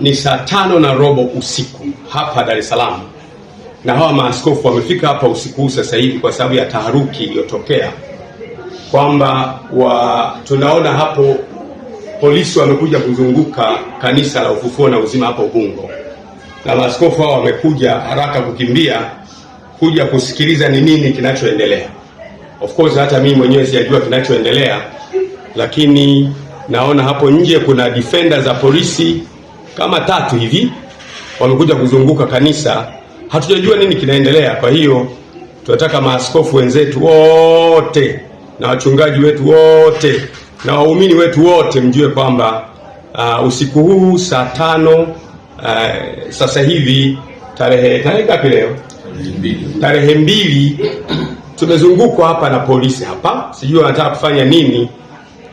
ni saa tano na robo usiku hapa Dar es Salaam, na hawa maaskofu wamefika hapa usiku huu sasa hivi kwa sababu ya taharuki iliyotokea kwamba wa, tunaona hapo polisi wamekuja kuzunguka kanisa la Ufufuo na Uzima hapo Ubungo, na maaskofu hao wamekuja haraka kukimbia kuja kusikiliza ni nini kinachoendelea. Of course hata mimi mwenyewe sijajua kinachoendelea, lakini naona hapo nje kuna defender za polisi kama tatu hivi wamekuja kuzunguka kanisa, hatujajua nini kinaendelea. Kwa hiyo tunataka maaskofu wenzetu wote na wachungaji wetu wote na waumini wetu wote mjue kwamba uh, usiku huu saa tano uh, sasa hivi tarehe tarehe ngapi leo? Tarehe mbili, tumezungukwa hapa na polisi hapa, sijui wanataka kufanya nini,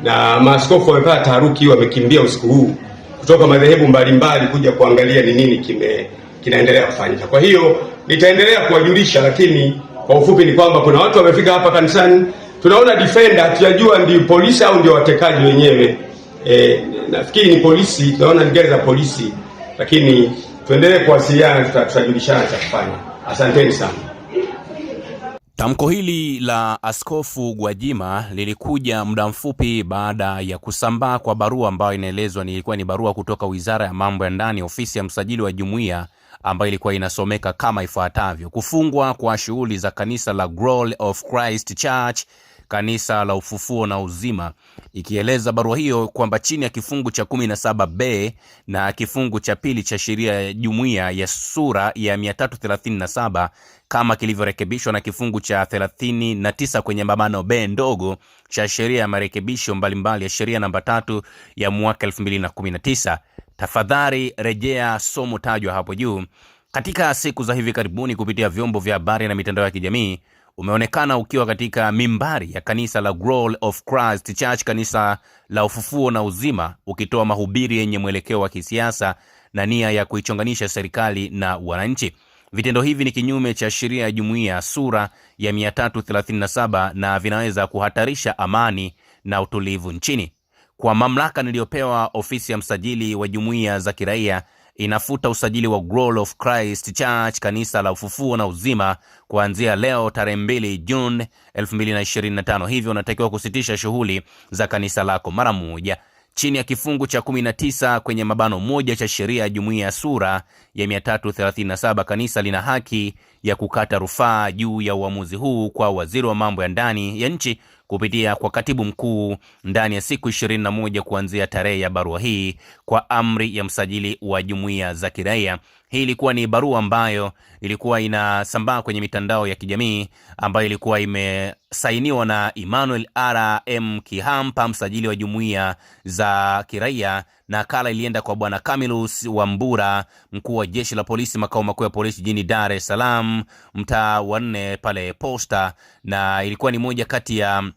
na maaskofu wamepata taharuki, wamekimbia usiku huu kutoka madhehebu mbalimbali kuja kuangalia ni nini kime kinaendelea kufanyika. Kwa hiyo nitaendelea kuwajulisha, lakini kwa ufupi ni kwamba kuna watu wamefika hapa kanisani, tunaona defender, hatujajua ndio polisi au ndio watekaji wenyewe. E, nafikiri ni polisi, tunaona ni gari za polisi, lakini tuendelee kuwasiliana, tutajulishana cha kufanya. Asanteni sana. Tamko hili la Askofu Gwajima lilikuja muda mfupi baada ya kusambaa kwa barua ambayo inaelezwa ilikuwa ni barua kutoka Wizara ya Mambo ya Ndani, ofisi ya msajili wa jumuiya, ambayo ilikuwa inasomeka kama ifuatavyo: kufungwa kwa shughuli za kanisa la Glory of Christ Church, kanisa la ufufuo na uzima ikieleza barua hiyo kwamba chini ya kifungu cha 17b na kifungu cha pili cha sheria ya jumuiya ya sura ya 337 kama kilivyorekebishwa na kifungu cha 39 kwenye mabano b ndogo cha sheria ya marekebisho mbalimbali ya sheria namba tatu ya mwaka 2019. Tafadhali rejea somo tajwa hapo juu. Katika siku za hivi karibuni, kupitia vyombo vya habari na mitandao ya kijamii umeonekana ukiwa katika mimbari ya kanisa la Glory of Christ Church, kanisa la ufufuo na uzima, ukitoa mahubiri yenye mwelekeo wa kisiasa na nia ya kuichonganisha serikali na wananchi. Vitendo hivi ni kinyume cha sheria ya jumuiya sura ya 337 na vinaweza kuhatarisha amani na utulivu nchini. Kwa mamlaka niliyopewa ofisi ya msajili wa jumuiya za kiraia inafuta usajili wa Glory of Christ Church kanisa la ufufuo na uzima kuanzia leo tarehe 2 Juni 2025. Hivyo unatakiwa kusitisha shughuli za kanisa lako mara moja chini ya kifungu cha 19 kwenye mabano moja cha sheria ya jumuiya sura ya 337. Kanisa lina haki ya kukata rufaa juu ya uamuzi huu kwa waziri wa mambo ya ndani ya nchi kupitia kwa katibu mkuu ndani ya siku 21 kuanzia tarehe ya barua hii kwa amri ya msajili wa jumuiya za kiraia. Hii ilikuwa ni barua ambayo ilikuwa inasambaa kwenye mitandao ya kijamii ambayo ilikuwa imesainiwa na Emmanuel RM Kihampa, msajili wa jumuiya za kiraia. kala ilienda kwa Bwana Camillus Wambura, mkuu wa jeshi la polisi, makao makuu ya polisi jijini Dar es Salaam, mtaa wa nne pale Posta, na ilikuwa ni moja kati ya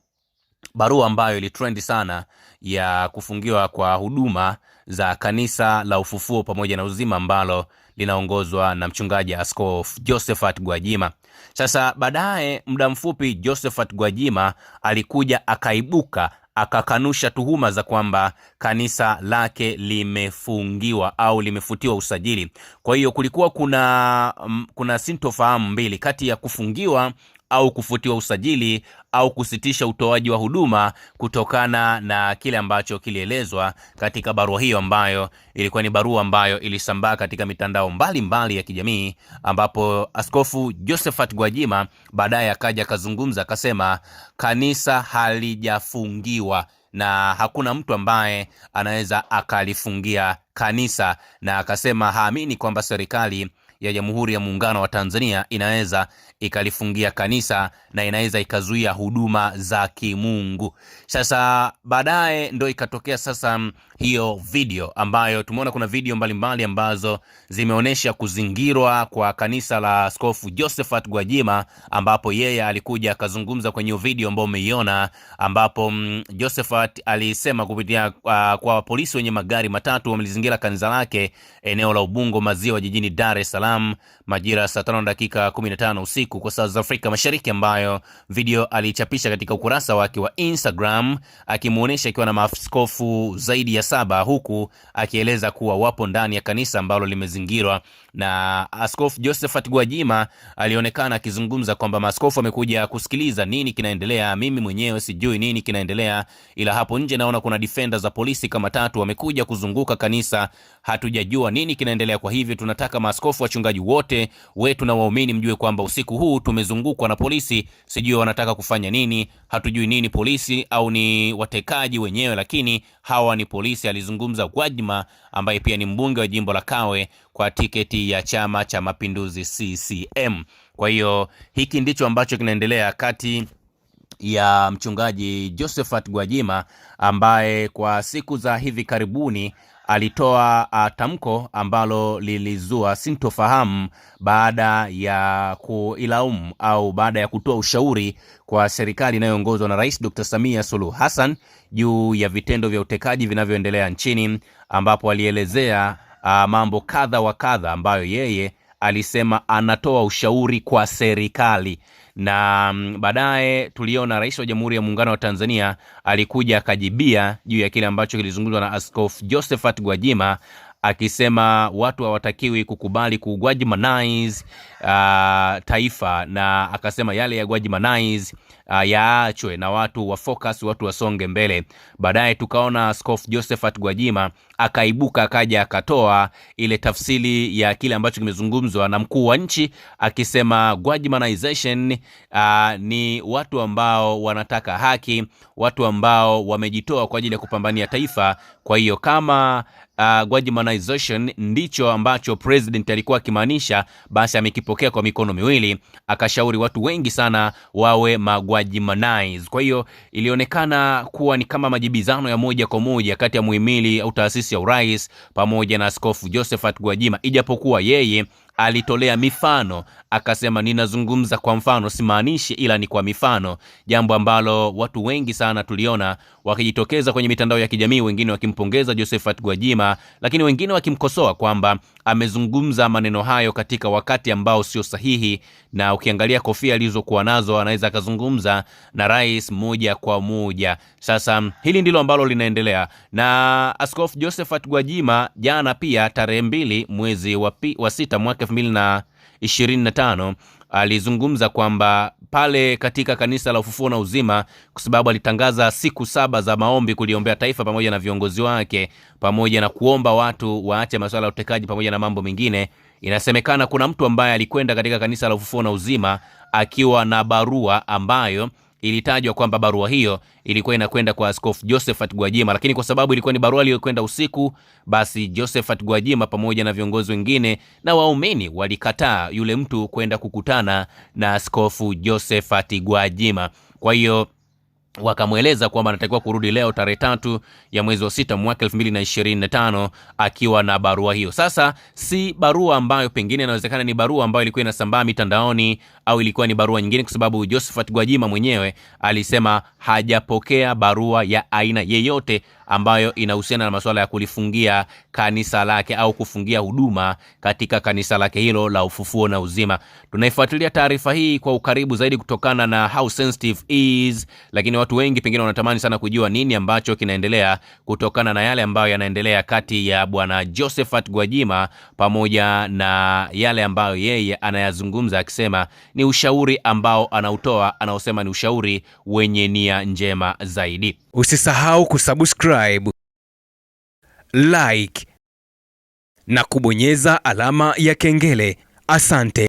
barua ambayo ilitrendi sana ya kufungiwa kwa huduma za kanisa la Ufufuo pamoja na Uzima ambalo linaongozwa na mchungaji askof Josephat Gwajima. Sasa baadaye, muda mfupi, Josephat Gwajima alikuja akaibuka akakanusha tuhuma za kwamba kanisa lake limefungiwa au limefutiwa usajili. Kwa hiyo kulikuwa kuna, mm, kuna sintofahamu mbili kati ya kufungiwa au kufutiwa usajili au kusitisha utoaji wa huduma kutokana na kile ambacho kilielezwa katika barua hiyo, ambayo ilikuwa ni barua ambayo ilisambaa katika mitandao mbalimbali mbali ya kijamii, ambapo Askofu Josephat Gwajima baadaye akaja akazungumza akasema, kanisa halijafungiwa na hakuna mtu ambaye anaweza akalifungia kanisa, na akasema haamini kwamba serikali ya Jamhuri ya Muungano wa Tanzania inaweza ikalifungia kanisa na inaweza ikazuia huduma za kimungu. Sasa baadaye ndo ikatokea sasa mm, hiyo video ambayo tumeona kuna video mbalimbali mbali ambazo zimeonyesha kuzingirwa kwa kanisa la skofu Josephat Gwajima, ambapo yeye alikuja akazungumza kwenye video ambayo umeiona, ambapo mm, Josephat alisema kupitia uh, kwa polisi wenye magari matatu wamelizingira kanisa lake eneo la Ubungo Maziwa jijini Dar es Salaam majira saa tano na dakika 15 usiku kwa saa za Afrika Mashariki, ambayo video alichapisha katika ukurasa wake wa Instagram akimuonesha akiwa na maskofu zaidi ya saba huku akieleza kuwa wapo ndani ya kanisa ambalo limezingirwa na Askofu Josephat Gwajima alionekana akizungumza kwamba maaskofu amekuja kusikiliza nini kinaendelea. Mimi mwenyewe sijui nini kinaendelea, ila hapo nje naona kuna defender za polisi kama tatu wamekuja kuzunguka kanisa, hatujajua nini kinaendelea. Kwa hivyo tunataka maaskofu, wachungaji wote wetu na waumini mjue kwamba usiku huu tumezungukwa na polisi, sijui wanataka kufanya nini, hatujui nini polisi au ni watekaji wenyewe, lakini hawa ni polisi, alizungumza Gwajima ambaye pia ni mbunge wa jimbo la Kawe kwa tiketi ya Chama cha Mapinduzi CCM. Kwa hiyo hiki ndicho ambacho kinaendelea kati ya mchungaji Josephat Gwajima ambaye kwa siku za hivi karibuni alitoa tamko ambalo lilizua sintofahamu baada ya kuilaumu au baada ya kutoa ushauri kwa serikali inayoongozwa na Rais Dr. Samia Suluhu Hassan juu ya vitendo vya utekaji vinavyoendelea nchini ambapo alielezea uh, mambo kadha wa kadha ambayo yeye alisema anatoa ushauri kwa serikali na mm, baadaye tuliona Rais wa Jamhuri ya Muungano wa Tanzania alikuja akajibia juu ya kile ambacho kilizungumzwa na askof Josephat Gwajima akisema watu hawatakiwi kukubali kugwaji uh, taifa na akasema yale ya gwaji uh, yaachwe na watu wa focus, watu wasonge mbele. Baadaye tukaona Askofu Josephat Gwajima akaibuka akaja akatoa ile tafsiri ya kile ambacho kimezungumzwa na mkuu wa nchi akisema Gwajimanization uh, ni watu ambao wanataka haki, watu ambao wamejitoa kwa ajili ya kupambania taifa. Kwa hiyo kama uh, ah, Gwajimanization ndicho ambacho president alikuwa akimaanisha, basi amekipokea kwa mikono miwili, akashauri watu wengi sana wawe magwajimanize. Kwa hiyo ilionekana kuwa ni kama majibizano ya moja kwa moja kati ya muhimili au taasisi ya urais pamoja na Askofu Josephat Gwajima, ijapokuwa yeye alitolea mifano akasema, ninazungumza kwa mfano, simaanishi, ila ni kwa mifano, jambo ambalo watu wengi sana tuliona wakijitokeza kwenye mitandao ya kijamii, wengine wakimpongeza Josephat Gwajima, lakini wengine wakimkosoa kwamba amezungumza maneno hayo katika wakati ambao sio sahihi, na ukiangalia kofia alizokuwa nazo anaweza akazungumza na rais moja kwa moja. Sasa hili ndilo ambalo linaendelea, na askof Josephat Gwajima jana pia tarehe mbili mwezi wa, pi, wa sita mwaka elfu mbili na tano alizungumza kwamba pale katika kanisa la Ufufuo na Uzima, kwa sababu alitangaza siku saba za maombi kuliombea taifa pamoja na viongozi wake, pamoja na kuomba watu waache masuala ya utekaji pamoja na mambo mengine. Inasemekana kuna mtu ambaye alikwenda katika kanisa la Ufufuo na Uzima akiwa na barua ambayo ilitajwa kwamba barua hiyo ilikuwa inakwenda kwa Askofu Josephat Gwajima, lakini kwa sababu ilikuwa ni barua iliyokwenda usiku, basi Josephat Gwajima pamoja na viongozi wengine na waumini walikataa yule mtu kwenda kukutana na Askofu Josephat Gwajima. Kwa hiyo wakamweleza kwamba anatakiwa kurudi leo tarehe tatu ya mwezi wa sita mwaka tano akiwa na barua hiyo. Sasa si barua ambayo pengine inawezekana ni barua ambayo ilikuwa inasambaa mitandaoni au ilikuwa ni barua nyingine, kwa sababu Josephat Gwajima mwenyewe alisema hajapokea barua ya aina yeyote ambayo inahusiana na masuala ya kulifungia kanisa lake au kufungia huduma katika kanisa lake hilo la ufufuo na uzima. Tunaifuatilia taarifa hii kwa ukaribu zaidi kutokana na how sensitive is, lakini watu wengi pengine wanatamani sana kujua nini ambacho kinaendelea kutokana na yale ambayo yanaendelea kati ya Bwana Josephat Gwajima pamoja na yale ambayo yeye anayazungumza akisema ni ushauri ambao anautoa anaosema ni ushauri wenye nia njema zaidi. Usisahau kusubscribe subscribe, like na kubonyeza alama ya kengele. Asante.